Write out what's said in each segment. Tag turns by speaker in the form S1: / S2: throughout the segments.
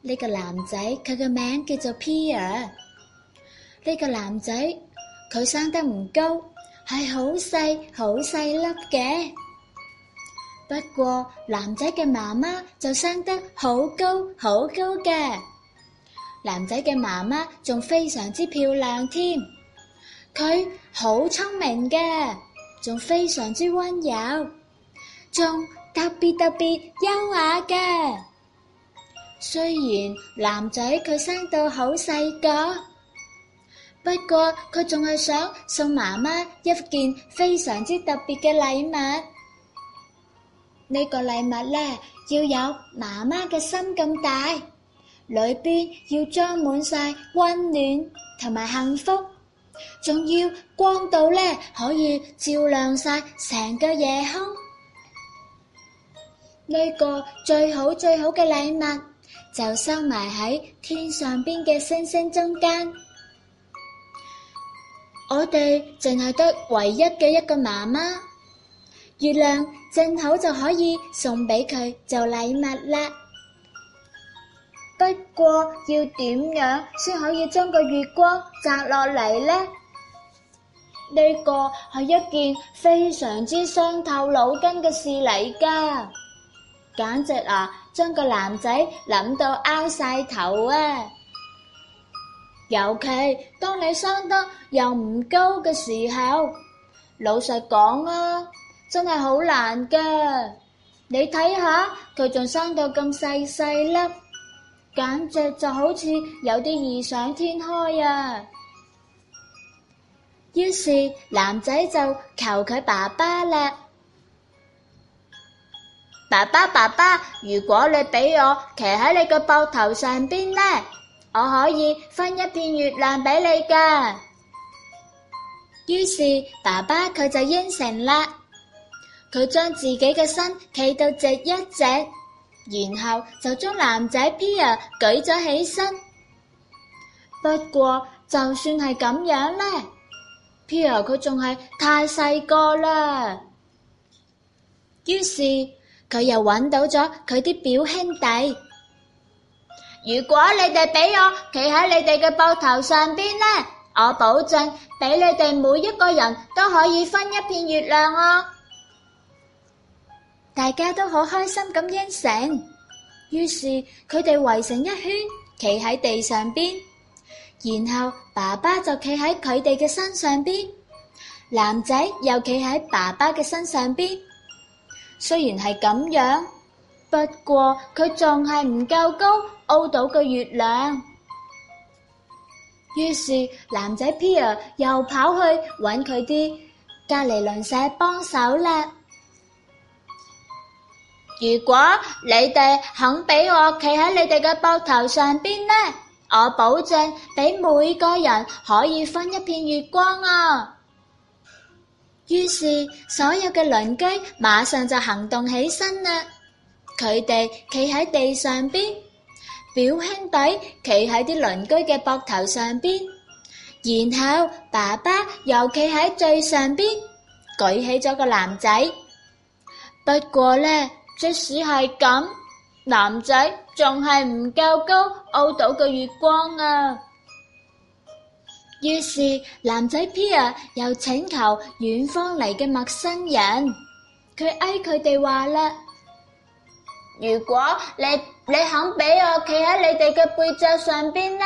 S1: 呢個男仔佢嘅名叫做 Pierre。呢個男仔佢生得唔高，係好細好細粒嘅。不過男仔嘅媽媽就生得好高好高嘅。男仔嘅媽媽仲非常之漂亮添，佢好聰明嘅，仲非常之溫柔，仲特別特別優雅嘅。雖然男仔佢生到好細個，不過佢仲係想送媽媽一件非常之特別嘅禮物。呢個禮物呢，要有媽媽嘅心咁大，裏邊要裝滿晒溫暖同埋幸福，仲要光到呢，可以照亮晒成個夜空。呢個最好最好嘅禮物就收埋喺天上邊嘅星星中間，我哋淨係得唯一嘅一個媽媽，月亮正好就可以送俾佢做禮物啦。不過要點樣先可以將個月光摘落嚟呢？呢個係一件非常之傷透腦筋嘅事嚟噶，簡直啊！將個男仔諗到拗晒頭啊！尤其當你生得又唔高嘅時候，老實講啊，真係好難噶。你睇下佢仲生到咁細細粒，簡直就好似有啲異想天開啊！於是男仔就求佢爸爸啦。爸爸，爸爸，如果你俾我騎喺你嘅膊頭上邊呢，我可以分一片月亮俾你噶於是，爸爸佢就應承啦。佢將自己嘅身企到直一直，然後就將男仔 Pierre 舉咗起身。不過，就算係咁樣呢，Pierre 佢仲係太細個啦。於是。佢又揾到咗佢啲表兄弟。如果你哋俾我企喺你哋嘅膊頭上邊咧，我保證俾你哋每一個人都可以分一片月亮哦。大家都好開心咁應承。於是佢哋圍成一圈，企喺地上邊。然後爸爸就企喺佢哋嘅身上邊，男仔又企喺爸爸嘅身上邊。雖然係咁樣，不過佢仲係唔夠高，凹到個月亮。於是男仔皮埃爾又跑去揾佢啲隔籬鄰舍幫手啦。如果你哋肯俾我企喺你哋嘅膊頭上邊呢，我保證俾每個人可以分一片月光啊！於是，所有嘅鄰居馬上就行動起身啦。佢哋企喺地上邊，表兄弟企喺啲鄰居嘅膊頭上邊，然後爸爸又企喺最上邊，舉起咗個男仔。 不過咧，即使係咁，男仔仲係唔夠高，撈到個月光啊！於是，男仔皮埃爾又請求遠方嚟嘅陌生人，佢哎，佢哋話啦：如果你你肯俾我企喺你哋嘅背脊上邊呢，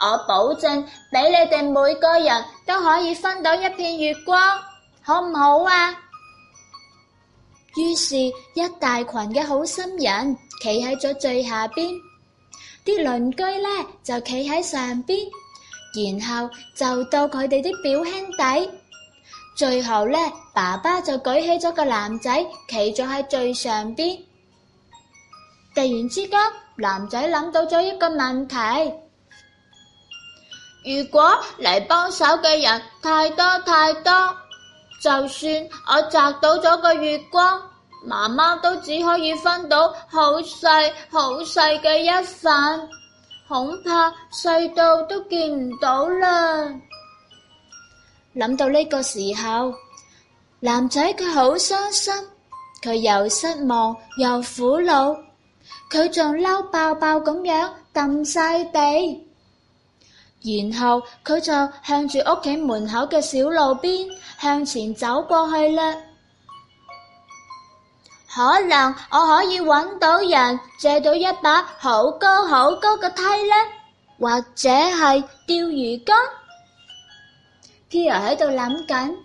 S1: 我保證俾你哋每個人都可以分到一片月光，好唔好啊？於是，一大群嘅好心人企喺咗最下邊，啲鄰居咧就企喺上邊。然後就到佢哋啲表兄弟，最後呢，爸爸就舉起咗個男仔企咗喺最上邊。突然之間，男仔諗到咗一個問題：如果嚟幫手嘅人太多太多，就算我摘到咗個月光，媽媽都只可以分到好細好細嘅一份。恐怕細到都見唔到啦！諗到呢個時候，男仔佢好傷心，佢又失望又苦惱，佢仲嬲爆爆咁樣抌晒鼻，然後佢就向住屋企門口嘅小路邊向前走過去啦。可能我可以揾到人借到一把好高好高嘅梯咧，或者係釣魚竿。皮埃爾喺度諗緊，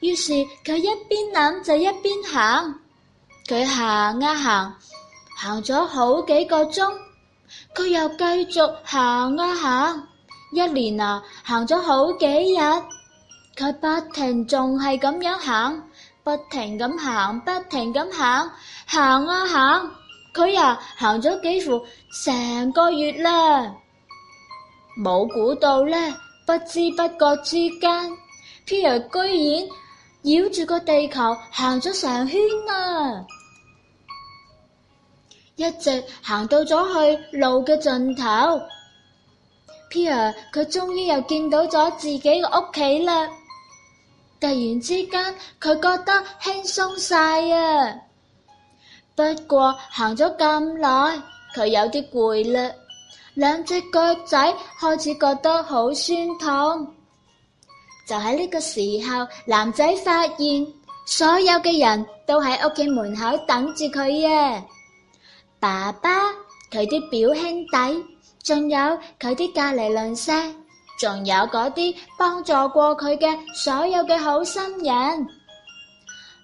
S1: 於是佢一邊諗就一邊行。佢行啊行，行咗好幾個鐘，佢又繼續行啊行，一年啊行咗好幾日，佢不停仲係咁樣行。不停咁行，不停咁行，行啊行，佢呀行咗幾乎成個月啦，冇估到呢，不知不覺之間 Pierre 居然繞住個地球行咗成圈啦、啊，一直行到咗去路嘅盡頭 Pierre 佢終於又見到咗自己嘅屋企啦。突然之間，佢覺得輕鬆晒啊！不過行咗咁耐，佢有啲攰嘞。兩隻腳仔開始覺得好酸痛。就喺呢個時候，男仔發現所有嘅人都喺屋企門口等住佢啊！爸爸，佢啲表兄弟，仲有佢啲隔籬鄰舍。仲有嗰啲幫助過佢嘅所有嘅好心人，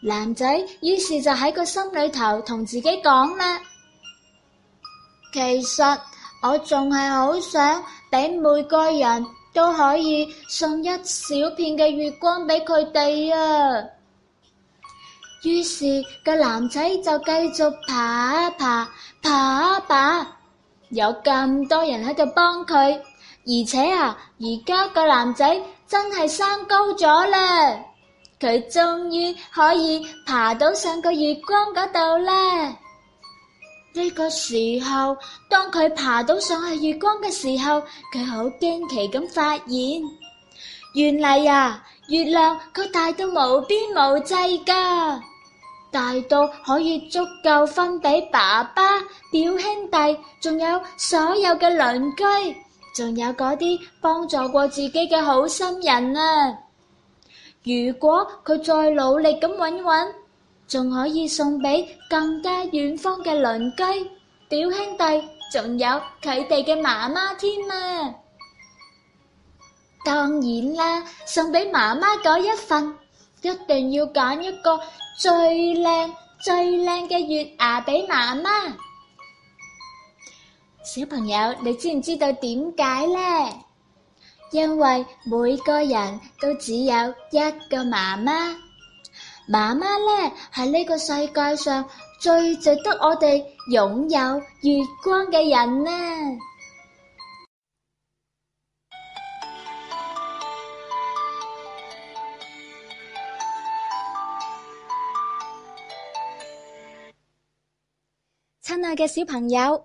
S1: 男仔於是就喺個心裏頭同自己講啦：其實我仲係好想俾每個人都可以送一小片嘅月光俾佢哋啊！於是個男仔就繼續爬啊爬，爬啊爬，爬，爬，有咁多人喺度幫佢。而且啊，而家個男仔真係生高咗啦，佢終於可以爬到上個月光嗰度啦。呢個時候，當佢爬到上去月光嘅時候，佢好驚奇咁發現，原嚟啊，月亮佢大到無邊無際噶，大到可以足夠分俾爸爸、表兄弟，仲有所有嘅鄰居。仲有嗰啲幫助過自己嘅好心人啊！如果佢再努力咁揾揾，仲可以送俾更加遠方嘅鄰居、表兄弟，仲有佢哋嘅媽媽添啊！當然啦，送俾媽媽嗰一份，一定要揀一個最靚、最靚嘅月牙俾媽媽。小朋友，你知唔知道點解呢？因為每個人都只有一個媽媽，媽媽呢係呢個世界上最值得我哋擁有月光嘅人呢！親愛嘅小朋友。